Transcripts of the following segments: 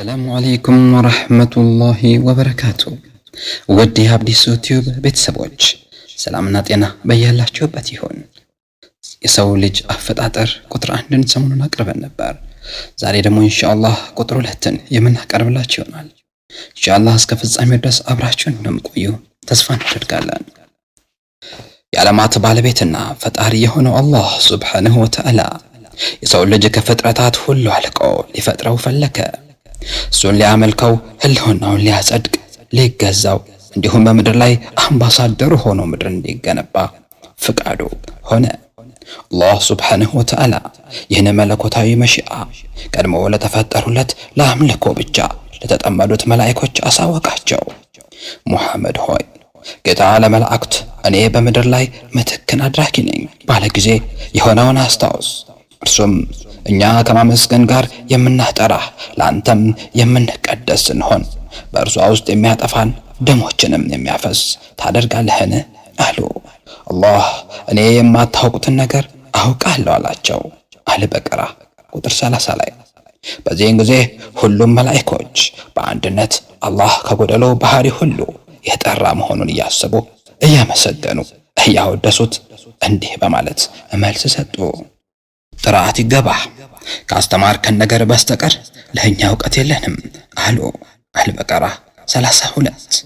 ሰላሙ አለይኩም ወረህመቱላሂ ወበረካቱ። ውድ የሀዲስ ዩቲዩብ ቤተሰቦች ሰላምና ጤና በያላችሁበት ይሆን። የሰው ልጅ አፈጣጠር ቁጥር አንድን ሰሞኑን አቅርበን ነበር። ዛሬ ደግሞ ኢንሻአላህ ቁጥር ሁለትን የምናቀርብላችሁ ይሆናል። ኢንሻአላህ እስከ ፍጻሜው ድረስ አብራችሁን እንደምቆዩ ተስፋ እናደርጋለን። የዓለማት ባለቤትና ፈጣሪ የሆነው አላህ ሱብሓነሁ ወተዓላ የሰው ልጅ ከፍጥረታት ሁሉ አልቆ ሊፈጥረው ፈለከ። እሱን ሊያመልከው፣ ህልውናውን ሊያጸድቅ፣ ሊገዛው እንዲሁም በምድር ላይ አምባሳደሩ ሆኖ ምድር እንዲገነባ ፍቃዱ ሆነ። አላህ ሱብሓነሁ ወተዓላ ይህን መለኮታዊ መሽአ ቀድሞ ለተፈጠሩለት ለአምልኮ ብቻ ለተጠመዱት መላእኮች አሳወቃቸው። ሙሐመድ ሆይ ጌታ ለመላእክት እኔ በምድር ላይ ምትክን አድራጊ ነኝ ባለ ጊዜ የሆነውን አስታውስ እርሱም እኛ ከማመስገን ጋር የምናጠራህ ለአንተም የምንቀደስ ስንሆን በእርሷ ውስጥ የሚያጠፋን ደሞችንም የሚያፈስ ታደርጋለህን አሉ። አላህ እኔ የማታውቁትን ነገር አውቃለሁ አላቸው። አለ በቀራ ቁጥር 30 ላይ። በዚህን ጊዜ ሁሉም መላእክቶች በአንድነት አላህ ከጎደሎ ባህሪ ሁሉ የጠራ መሆኑን እያሰቡ እያመሰገኑ እያወደሱት እንዲህ በማለት መልስ ሰጡ። ጥራት ይገባ ካስተማርከን ነገር በስተቀር ለእኛ እውቀት የለንም አሉ አልበቀራ 32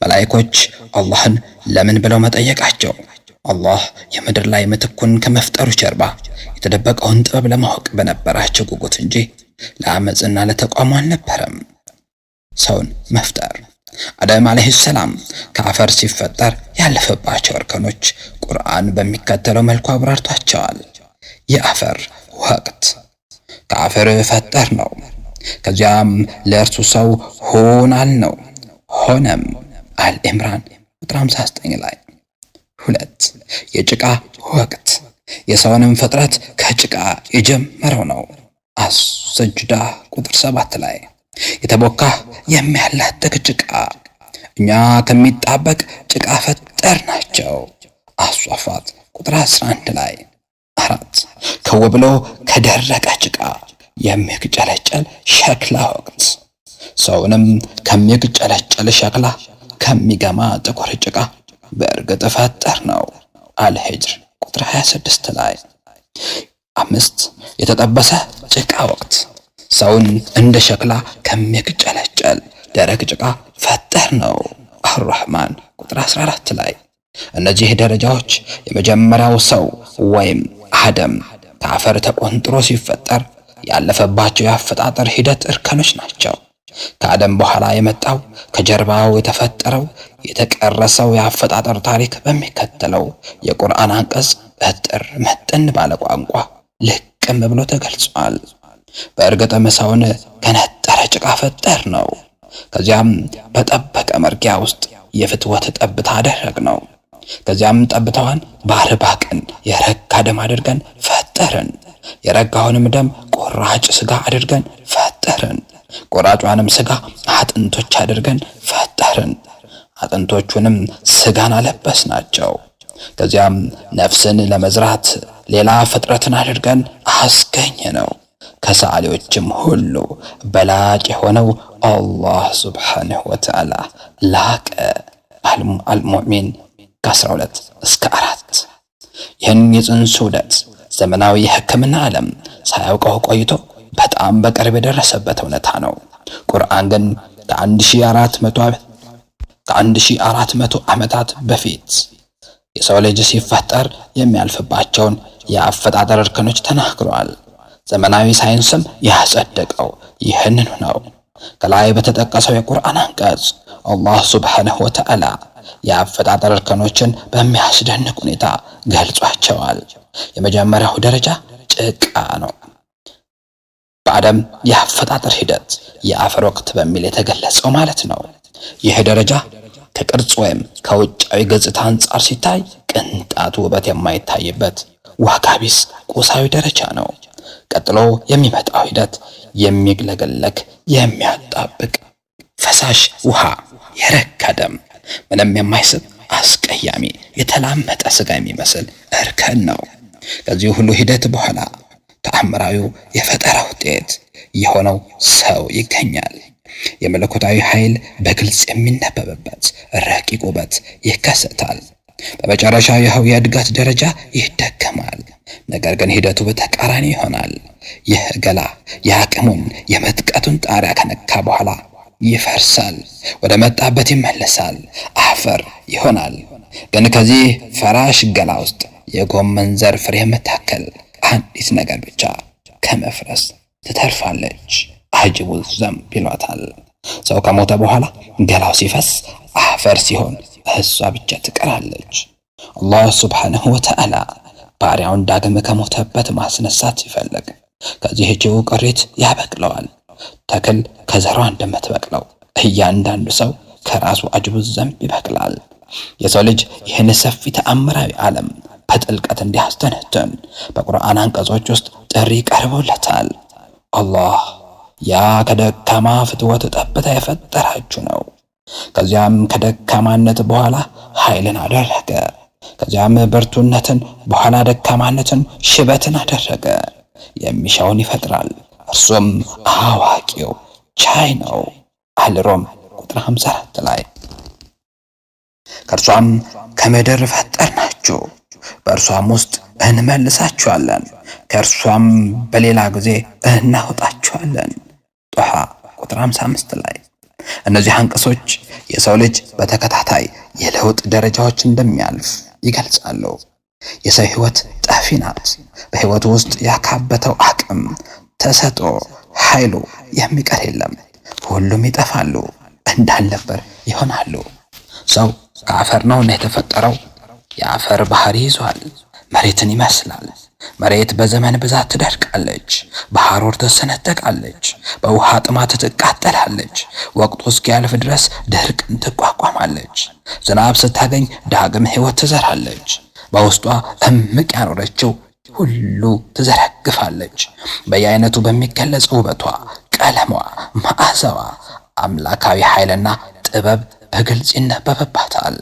መላእክቶች አላህን ለምን ብለው መጠየቃቸው አላህ የምድር ላይ ምትኩን ከመፍጠሩ ጀርባ የተደበቀውን ጥበብ ለማወቅ በነበራቸው ጉጉት እንጂ ለአመፅና ለተቋሙ አልነበረም። ሰውን መፍጠር አደም አለይሂ ሰላም ከአፈር ሲፈጠር ያለፈባቸው እርከኖች ቁርአን በሚከተለው መልኩ አብራርቷቸዋል። የአፈር ወቅት ከአፈር ፈጠር ነው። ከዚያም ለእርሱ ሰው ሆናል ነው። ሆነም አልኢምራን ቁጥር 59 ላይ ሁለት የጭቃ ወቅት የሰውንም ፍጥረት ከጭቃ የጀመረው ነው። አሰጅዳ ቁጥር ሰባት ላይ የተቦካ የሚያላጥቅ ጭቃ እኛ ከሚጣበቅ ጭቃ ፈጠር ናቸው። አሷፋት ቁጥር 11 ላይ አራት ከው ብሎ ከደረቀ ጭቃ የሚግጨለጨል ሸክላ ወቅት ሰውንም ከሚግጨለጨል ሸክላ ከሚገማ ጥቁር ጭቃ በእርግጥ ፈጠር ነው። አልሂጅር ቁጥር 26 ላይ አምስት የተጠበሰ ጭቃ ወቅት ሰውን እንደ ሸክላ ከሚግጨለጨል ደረቅ ጭቃ ፈጠር ነው። አርራህማን ቁጥር 14 ላይ እነዚህ ደረጃዎች የመጀመሪያው ሰው ወይም አደም ከአፈር ተቆንጥሮ ሲፈጠር ያለፈባቸው የአፈጣጠር ሂደት እርከኖች ናቸው። ከአደም በኋላ የመጣው ከጀርባው የተፈጠረው የተቀረሰው የአፈጣጠር ታሪክ በሚከተለው የቁርአን አንቀጽ በጥር መጥን ባለ ቋንቋ ልቅም ብሎ ተገልጿል። በእርግጥም ሰውን ከነጠረ ጭቃ ፈጠር ነው። ከዚያም በጠበቀ መርጊያ ውስጥ የፍትወት ጠብታ አደረግ ነው። ከዚያም ጠብታዋን በአርባ ቀን የረጋ ደም አድርገን ፈጠርን። የረጋውንም ደም ቆራጭ ስጋ አድርገን ፈጠርን። ቆራጯንም ስጋ አጥንቶች አድርገን ፈጠርን። አጥንቶቹንም ስጋን ናቸው። ከዚያም ነፍስን ለመዝራት ሌላ ፍጥረትን አድርገን አስገኘ ነው። ከሰዓሊዎችም ሁሉ በላጭ የሆነው አላህ ስብሓንሁ ወተዓላ ላቀ። አልሙዕሚን ከ12 እስከ 4 ይህን የፅንሱ ዑደት ዘመናዊ የሕክምና ዓለም ሳያውቀው ቆይቶ በጣም በቅርብ የደረሰበት እውነታ ነው። ቁርአን ግን ከ1400 ዓመታት በፊት የሰው ልጅ ሲፈጠር የሚያልፍባቸውን የአፈጣጠር እርከኖች ተናግሯል። ዘመናዊ ሳይንስም ያጸደቀው ይህንኑ ነው። ከላይ በተጠቀሰው የቁርአን አንቀጽ አላህ ሱብሓነሁ ወተዓላ የአፈጣጠር እርከኖችን በሚያስደንቅ ሁኔታ ገልጿቸዋል። የመጀመሪያው ደረጃ ጭቃ ነው። በአደም የአፈጣጠር ሂደት የአፈር ወቅት በሚል የተገለጸው ማለት ነው። ይህ ደረጃ ከቅርጽ ወይም ከውጫዊ ገጽታ አንጻር ሲታይ ቅንጣቱ ውበት የማይታይበት ዋጋቢስ ቁሳዊ ደረጃ ነው። ቀጥሎ የሚመጣው ሂደት የሚግለገለግ የሚያጣብቅ ፈሳሽ ውሃ፣ የረከደም ምንም የማይስብ አስቀያሚ የተላመጠ ስጋ የሚመስል እርከን ነው። ከዚህ ሁሉ ሂደት በኋላ ተአምራዊው የፈጠራ ውጤት የሆነው ሰው ይገኛል። የመለኮታዊ ኃይል በግልጽ የሚነበብበት ረቂቅ ውበት ይከሰታል። በመጨረሻ ይኸው የእድገት ደረጃ ይደገማል። ነገር ግን ሂደቱ በተቃራኒ ይሆናል። ይህ ገላ የአቅሙን የመጥቀቱን ጣሪያ ከነካ በኋላ ይፈርሳል፣ ወደ መጣበት ይመለሳል፣ አፈር ይሆናል። ግን ከዚህ ፈራሽ ገላ ውስጥ የጎመን ዘር ፍሬ የምታክል አንዲት ነገር ብቻ ከመፍረስ ትተርፋለች። አጅቡ ዘንብ ይሏታል። ሰው ከሞተ በኋላ ገላው ሲፈስ አፈር ሲሆን እሷ ብቻ ትቀራለች። አላህ ሱብሓነሁ ወተዓላ ባሪያውን ዳግም ከሞተበት ማስነሳት ሲፈልግ ከዚህችው ቅሪት ያበቅለዋል። ተክል ከዘሯ እንደምትበቅለው እያንዳንዱ ሰው ከራሱ አጅቡ ዘንብ ይበቅላል። የሰው ልጅ ይህን ሰፊ ተአምራዊ ዓለም በጥልቀት እንዲያስተነትን በቁርአን አንቀጾች ውስጥ ጥሪ ቀርቦለታል። አላህ ያ ከደካማ ፍትወት ጠብታ የፈጠራችሁ ነው። ከዚያም ከደካማነት በኋላ ኃይልን አደረገ። ከዚያም ብርቱነትን በኋላ ደካማነትን ሽበትን አደረገ። የሚሻውን ይፈጥራል። እርሱም አዋቂው ቻይ ነው አልሮም ቁጥር 54 ላይ ከእርሷም ከምድር ፈጠር ናችሁ፣ በእርሷም ውስጥ እንመልሳችኋለን፣ ከእርሷም በሌላ ጊዜ እናወጣችኋለን። ጦሃ ቁጥር 55 ላይ እነዚህ አንቀሶች የሰው ልጅ በተከታታይ የለውጥ ደረጃዎች እንደሚያልፍ ይገልጻሉ። የሰው ህይወት ጠፊ ናት። በህይወቱ ውስጥ ያካበተው አቅም፣ ተሰጦ፣ ኃይሉ የሚቀር የለም። ሁሉም ይጠፋሉ፣ እንዳልነበር ይሆናሉ። ሰው ከአፈር ነውና የተፈጠረው የአፈር ባህሪ ይዟል። መሬትን ይመስላል። መሬት በዘመን ብዛት ትደርቃለች፣ በሐሮር ትሰነጠቃለች፣ በውሃ ጥማት ትቃጠላለች። ወቅቱ እስኪያልፍ ድረስ ድርቅን ትቋቋማለች። ዝናብ ስታገኝ ዳግም ሕይወት ትዘራለች። በውስጧ እምቅ ያኖረችው ሁሉ ትዘረግፋለች። በየአይነቱ በሚገለጽ ውበቷ፣ ቀለሟ፣ መዓዛዋ አምላካዊ ኃይልና ጥበብ በግልጽ ይነበብባታል።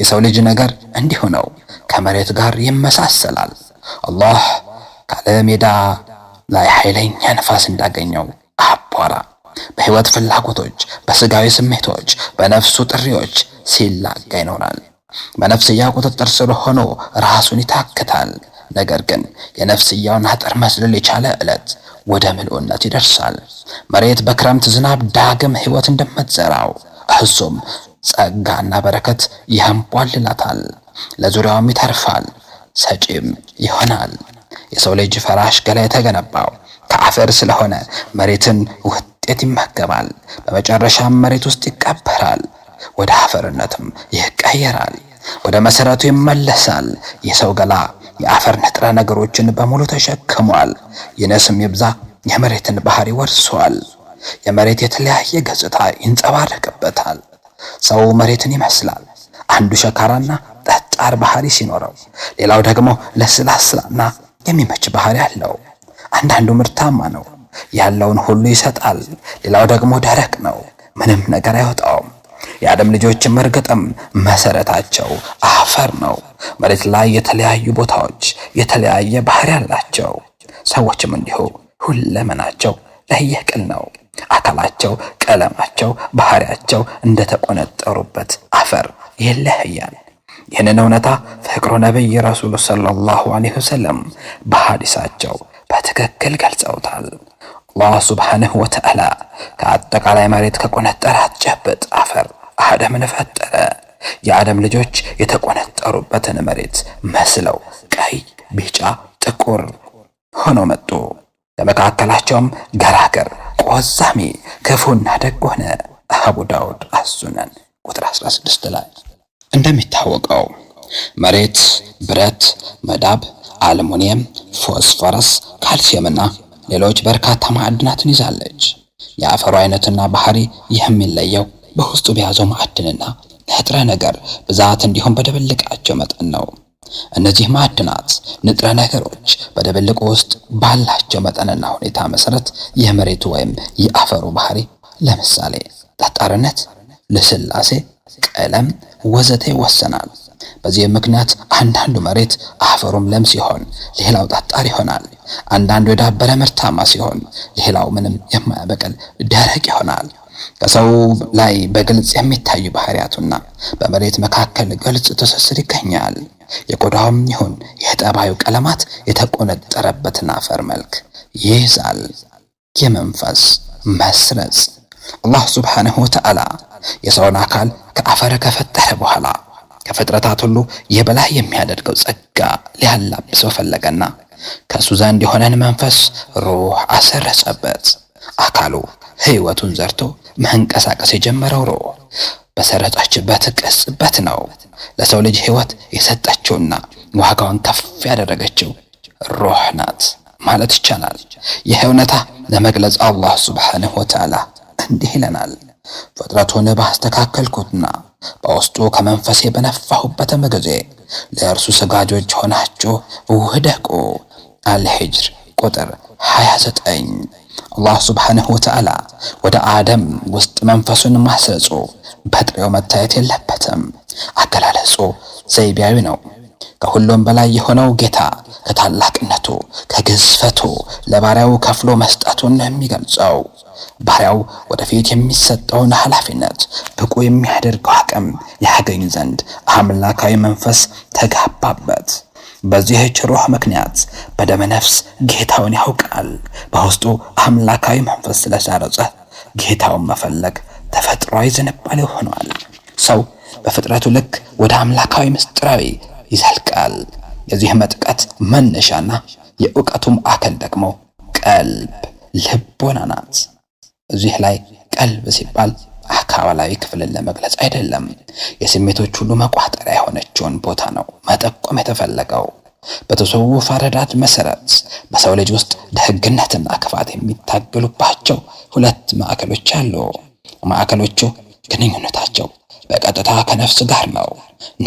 የሰው ልጅ ነገር እንዲሁ ነው። ከመሬት ጋር ይመሳሰላል። አላህ ካለሜዳ ላይ ኃይለኛ ነፋስ እንዳገኘው አቧራ በህይወት ፍላጎቶች፣ በስጋዊ ስሜቶች፣ በነፍሱ ጥሪዎች ሲላጋ ይኖራል። በነፍስያ ቁጥጥር ስር ሆኖ ራሱን ይታክታል። ነገር ግን የነፍስያውን አጥር መስለል የቻለ ዕለት ወደ ምልኡነት ይደርሳል። መሬት በክረምት ዝናብ ዳግም ህይወት እንደምትዘራው እህሱም ጸጋና በረከት ያንቧልላታል፣ ለዙሪያውም ይተርፋል። ሰጪም ይሆናል። የሰው ልጅ ፈራሽ ገላ የተገነባው ከአፈር ስለሆነ መሬትን ውጤት ይመገባል። በመጨረሻም መሬት ውስጥ ይቀበራል፣ ወደ አፈርነትም ይቀየራል፣ ወደ መሰረቱ ይመለሳል። የሰው ገላ የአፈር ንጥረ ነገሮችን በሙሉ ተሸክሟል። ይነስም ይብዛ የመሬትን ባህሪ ወርሷል። የመሬት የተለያየ ገጽታ ይንጸባረቅበታል። ሰው መሬትን ይመስላል። አንዱ ሸካራና ጠጣር ባህሪ ሲኖረው፣ ሌላው ደግሞ ለስላሳና የሚመች ባህሪ አለው። አንዳንዱ ምርታማ ነው፣ ያለውን ሁሉ ይሰጣል። ሌላው ደግሞ ደረቅ ነው፣ ምንም ነገር አይወጣውም። የአደም ልጆችም እርግጥም መሰረታቸው አፈር ነው። መሬት ላይ የተለያዩ ቦታዎች የተለያየ ባህሪ አላቸው። ሰዎችም እንዲሁ ሁለመናቸው ለየቅል ነው። አካላቸው፣ ቀለማቸው፣ ባህሪያቸው እንደተቆነጠሩበት አፈር ይለያያል። ይህንን እውነታ ፍቅሩ ነቢይ ረሱሉ ሰለላሁ ዐለይሂ ወሰለም በሐዲሳቸው በትክክል ገልጸውታል። አላህ ሱብሓነሁ ወተዓላ ከአጠቃላይ መሬት ከቆነጠራት ጨብጥ አፈር አደምን ፈጠረ። የአደም ልጆች የተቆነጠሩበትን መሬት መስለው ቀይ፣ ቢጫ፣ ጥቁር ሆኖ መጡ። በመካከላቸውም ገራገር፣ ቆዛሚ፣ ክፉና ደግ ሆነ። አቡ ዳውድ አሱነን ቁጥር 16 ላይ እንደሚታወቀው መሬት ብረት፣ መዳብ፣ አልሙኒየም፣ ፎስፎረስ፣ ካልሲየምና ሌሎች በርካታ ማዕድናትን ይዛለች። የአፈሩ አይነትና ባህሪ ይህም የሚለየው በውስጡ በያዘው ማዕድንና ንጥረ ነገር ብዛት እንዲሁም በድብልቃቸው መጠን ነው። እነዚህ ማዕድናት ንጥረ ነገሮች በድብልቁ ውስጥ ባላቸው መጠንና ሁኔታ መሰረት የመሬቱ ወይም የአፈሩ ባህሪ ለምሳሌ ጠጣርነት፣ ልስላሴ ቀለም፣ ወዘተ ይወሰናል። በዚህም ምክንያት አንዳንዱ መሬት አፈሩም ለም ሲሆን፣ ሌላው ጠጣር ይሆናል። አንዳንዱ የዳበረ ምርታማ ሲሆን፣ ሌላው ምንም የማያበቅል ደረቅ ይሆናል። ከሰው ላይ በግልጽ የሚታዩ ባህሪያቱና በመሬት መካከል ግልጽ ትስስር ይገኛል። የቆዳውም ይሁን የጠባዩ ቀለማት የተቆነጠረበትን አፈር መልክ ይይዛል። የመንፈስ መስረጽ አላህ ሱብሓነሁ ወተዓላ የሰውን አካል ከአፈር ከፈጠረ በኋላ ከፍጥረታት ሁሉ የበላይ የሚያደርገው ጸጋ ሊያላብሰው ፈለገና ከእሱ ዘንድ የሆነን መንፈስ ሩህ አሰረጸበት። አካሉ ህይወቱን ዘርቶ መንቀሳቀስ የጀመረው ሩህ በሰረጸችበት ቅጽበት ነው ለሰው ልጅ ህይወት የሰጠችውና ዋጋውን ከፍ ያደረገችው ሩህ ናት ማለት ይቻላል። ይህ እውነታ ለመግለጽ አላህ ሱብሓነሁ ወተዓላ እንዲህ ይለናል። ፍጥረቱን ባስተካከልኩትና በውስጡ ከመንፈሴ በነፋሁበትም ጊዜ ለእርሱ ሰጋጆች ሆናችሁ ውህደቁ። አልሂጅር ቁጥር 29 አላህ ሱብሓነሁ ወተዓላ ወደ አደም ውስጥ መንፈሱን ማስረጹ በጥሬው መታየት የለበትም። አገላለጹ ዘይቤያዊ ነው። ከሁሉም በላይ የሆነው ጌታ ከታላቅነቱ ከግዝፈቱ ለባሪያው ከፍሎ መስጠት ነው የሚገልጸው ባሪያው ወደፊት የሚሰጠውን ኃላፊነት ብቁ የሚያደርገው አቅም ያገኝ ዘንድ አምላካዊ መንፈስ ተጋባበት። በዚህ ችሮህ ምክንያት በደመ ነፍስ ጌታውን ያውቃል። በውስጡ አምላካዊ መንፈስ ስለሰረጸ ጌታውን መፈለግ ተፈጥሯዊ ዝንባሌ ሆኗል። ሰው በፍጥረቱ ልክ ወደ አምላካዊ ምስጢራዊ ይዘልቃል። የዚህ መጥቀት መነሻና የእውቀቱም ማዕከል ደግሞ ቀልብ ልቦና ናት። እዚህ ላይ ቀልብ ሲባል አካባላዊ ክፍልን ለመግለጽ አይደለም። የስሜቶች ሁሉ መቋጠሪያ የሆነችውን ቦታ ነው መጠቆም የተፈለገው። በተሰውፍ አረዳድ መሰረት በሰው ልጅ ውስጥ ደግነትና ክፋት የሚታገሉባቸው ሁለት ማዕከሎች አሉ። ማዕከሎቹ ግንኙነታቸው በቀጥታ ከነፍስ ጋር ነው።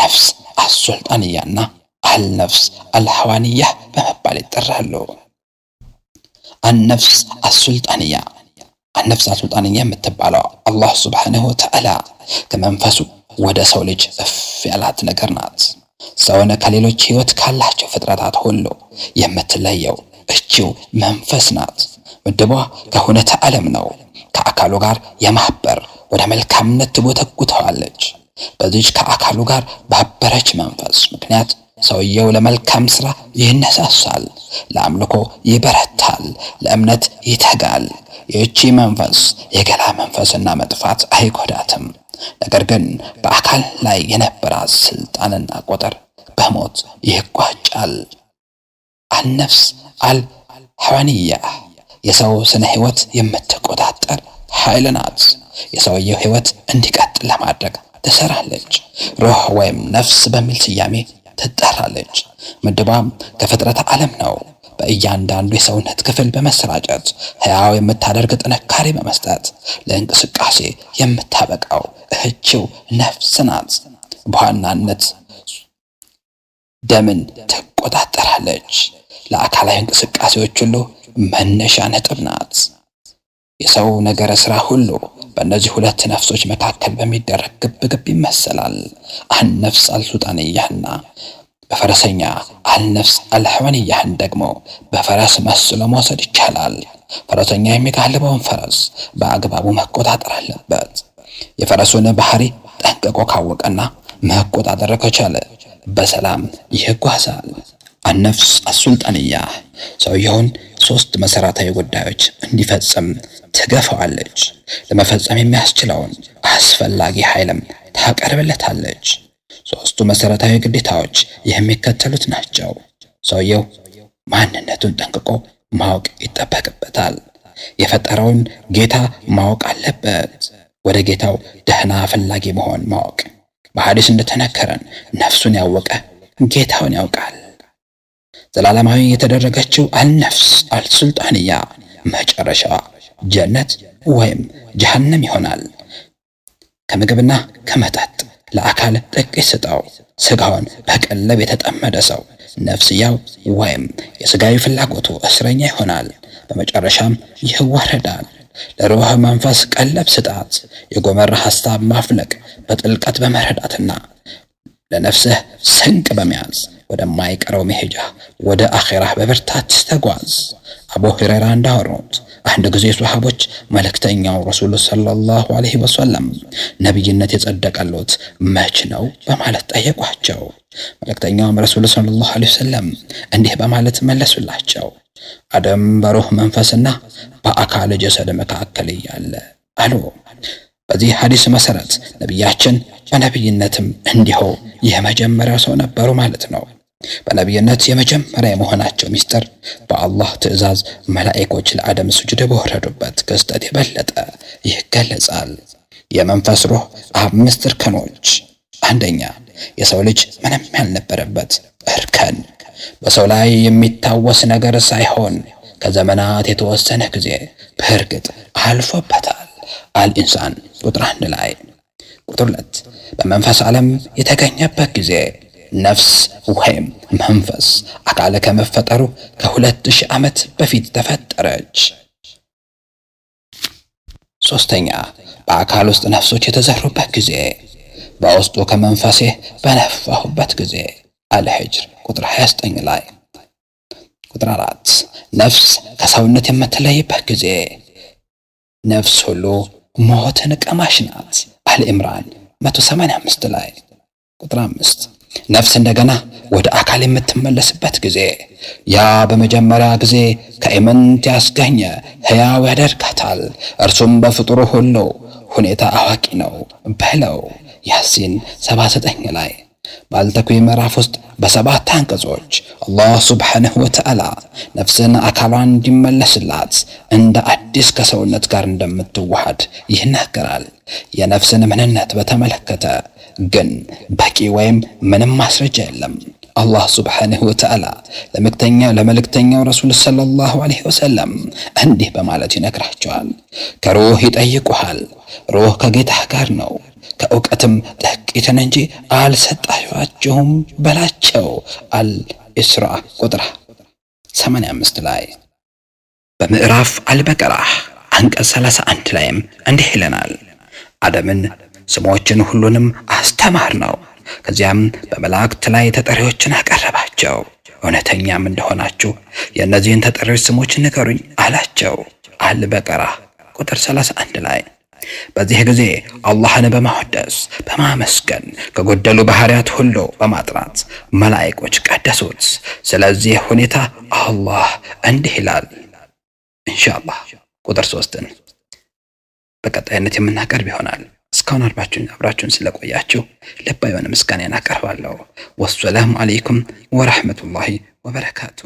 ነፍስ አሱልጣንያና አልነፍስ አልሐዋንያ በመባል ይጠራሉ። አነፍስ አሱልጣንያ አነፍስ አሱልጣንያ የምትባለው አላህ ሱብሓነሁ ወተዓላ ከመንፈሱ ወደ ሰው ልጅ እፍ ያላት ነገር ናት። ሰውን ከሌሎች ህይወት ካላቸው ፍጥረታት ሁሉ የምትለየው እችው መንፈስ ናት። ምድቧ ከሁነተ ዓለም ነው። ከአካሉ ጋር የማህበር ወደ መልካምነት ትጎተጉተዋለች። በዚች ከአካሉ ጋር ባበረች መንፈስ ምክንያት ሰውየው ለመልካም ስራ ይነሳሳል፣ ለአምልኮ ይበረታል፣ ለእምነት ይተጋል። ይህቺ መንፈስ የገላ መንፈስና መጥፋት አይጎዳትም። ነገር ግን በአካል ላይ የነበራት ስልጣንና ቁጥር በሞት ይጓጫል። አልነፍስ አል ሐዋንያ የሰው ስነ ህይወት የምትቆጣጠር ኃይል ናት። የሰውየው ህይወት እንዲቀጥል ለማድረግ ትሰራለች። ሩህ ወይም ነፍስ በሚል ስያሜ ትጠራለች። ምድቧም ከፍጥረት ዓለም ነው። በእያንዳንዱ የሰውነት ክፍል በመሰራጨት ሕያው የምታደርግ ጥንካሬ በመስጠት ለእንቅስቃሴ የምታበቃው እህችው ነፍስ ናት። በዋናነት ደምን ትቆጣጠራለች። ለአካላዊ እንቅስቃሴዎች ሁሉ መነሻ ነጥብ ናት። የሰው ነገረ ሥራ ሁሉ በእነዚህ ሁለት ነፍሶች መካከል በሚደረግ ግብግብ ይመሰላል። አልነፍስ አልሱጣንያህና በፈረሰኛ አልነፍስ አልሐዋንያህን ደግሞ በፈረስ መስሎ መውሰድ ይቻላል። ፈረሰኛ የሚጋልበውን ፈረስ በአግባቡ መቆጣጠር አለበት። የፈረሱን ባህሪ ጠንቅቆ ካወቀና መቆጣጠር ከቻለ በሰላም ይጓዛል። አነፍስ አሱልጣንያ ሰውየውን ሶስት መሰረታዊ ጉዳዮች እንዲፈጽም ትገፋዋለች። ለመፈጸም የሚያስችለውን አስፈላጊ ኃይልም ታቀርብለታለች። ሶስቱ መሰረታዊ ግዴታዎች የሚከተሉት ናቸው። ሰውየው ማንነቱን ጠንቅቆ ማወቅ ይጠበቅበታል። የፈጠረውን ጌታ ማወቅ አለበት። ወደ ጌታው ደህና ፈላጊ መሆን ማወቅ። በሐዲስ እንደተነከረን ነፍሱን ያወቀ ጌታውን ያውቃል። ዘላለማዊ የተደረገችው አልነፍስ አልሱልጣንያ መጨረሻ ጀነት ወይም ጀሃነም ይሆናል። ከምግብና ከመጠጥ ለአካል ጥቂት ስጠው። ስጋውን በቀለብ የተጠመደ ሰው ነፍስያው ወይም የስጋዊ ፍላጎቱ እስረኛ ይሆናል። በመጨረሻም ይዋረዳል። ለሩህ መንፈስ ቀለብ ስጣት። የጎመራ ሐሳብ ማፍለቅ በጥልቀት በመረዳትና ለነፍስህ ስንቅ በመያዝ ወደማይቀረው መሄጃ ወደ አኼራህ በብርታት ተጓዝ። አቡ ሁረይራ እንዳወሩት አንድ ጊዜ ሶሐቦች መልእክተኛው ረሱሉ ሰለላሁ ዐለይሂ ወሰለም ነቢይነት የጸደቀሉት መች ነው በማለት ጠየቋቸው። መልእክተኛውም ረሱሉ ሰለላሁ ዐለይሂ ወሰለም እንዲህ በማለት መለሱላቸው፣ አደም በሩህ መንፈስና በአካል ጀሰድ መካከል እያለ አሉ። በዚህ ሐዲስ መሰረት ነቢያችን በነቢይነትም እንዲሁ የመጀመሪያው ሰው ነበሩ ማለት ነው። በነቢይነት የመጀመሪያ የመሆናቸው ሚስጥር በአላህ ትዕዛዝ መላኢኮች ለአደም ሱጁድ በወረዱበት ክስተት የበለጠ ይገለጻል። የመንፈስ ሩህ አምስት እርከኖች። አንደኛ፣ የሰው ልጅ ምንም ያልነበረበት እርከን፣ በሰው ላይ የሚታወስ ነገር ሳይሆን ከዘመናት የተወሰነ ጊዜ በእርግጥ አልፎበታል። አልኢንሳን ቁጥር አንድ ላይ። ቁጥር ሁለት፣ በመንፈስ ዓለም የተገኘበት ጊዜ ነፍስ ወይም መንፈስ አካል ከመፈጠሩ ከሁለት ሺህ ዓመት በፊት ተፈጠረች። ሶስተኛ በአካል ውስጥ ነፍሶች የተዘሩበት ጊዜ በውስጡ ከመንፈሴ በነፋሁበት ጊዜ አልሕጅር ቁጥር 29 ላይ። ቁጥር 4 ነፍስ ከሰውነት የምትለይበት ጊዜ ነፍስ ሁሉ ሞትን ቀማሽ ናት። አል ኢምራን 185 ላይ ቁጥር 5 ነፍስ እንደገና ወደ አካል የምትመለስበት ጊዜ ያ በመጀመሪያ ጊዜ ከኢምንት ያስገኘ ሕያው ያደርጋታል። እርሱም በፍጡሩ ሁሉ ሁኔታ አዋቂ ነው በለው ያሲን 79 ላይ ባልተኩ ምዕራፍ ውስጥ በሰባት አንቀጾች አላህ ሱብሓነሁ ወተዓላ ነፍስን አካሏን እንዲመለስላት እንደ አዲስ ከሰውነት ጋር እንደምትዋሃድ ይናገራል። የነፍስን ምንነት በተመለከተ ግን በቂ ወይም ምንም ማስረጃ የለም። አላህ ሱብሓነሁ ወተዓላ ለመክተኛው ለመልክተኛው ረሱል ሰለላሁ ዐለይሂ ወሰለም እንዲህ በማለት ይነግራቸዋል። ከሩህ ይጠይቁሃል። ሩህ ከጌታህ ጋር ነው ከእውቀትም ጥቂትን እንጂ አልሰጣችኋቸውም በላቸው። አልኢስራ ቁጥር 85 ላይ በምዕራፍ አልበቀራህ አንቀጽ 31 ላይም እንዲህ ይለናል አደምን ስሞችን ሁሉንም አስተማር ነው። ከዚያም በመላእክት ላይ ተጠሪዎችን አቀረባቸው። እውነተኛም እንደሆናችሁ የእነዚህን ተጠሪዎች ስሞች ንገሩኝ አላቸው። አል በቀራ ቁጥር 31 ላይ በዚህ ጊዜ አላህን በማወደስ በማመስገን ከጎደሉ ባህሪያት ሁሉ በማጥራት መላእኮች ቀደሱት። ስለዚህ ሁኔታ አላህ እንዲህ ይላል። ኢንሻአላህ ቁጥር ሶስትን በቀጣይነት የምናቀርብ ይሆናል። እስካሁን አልባችሁን አብራችሁን ስለቆያችሁ ልባ የሆነ ምስጋናን አቀርባለሁ። ወሰላሙ አሌይኩም ወራህመቱላሂ ወበረካቱ።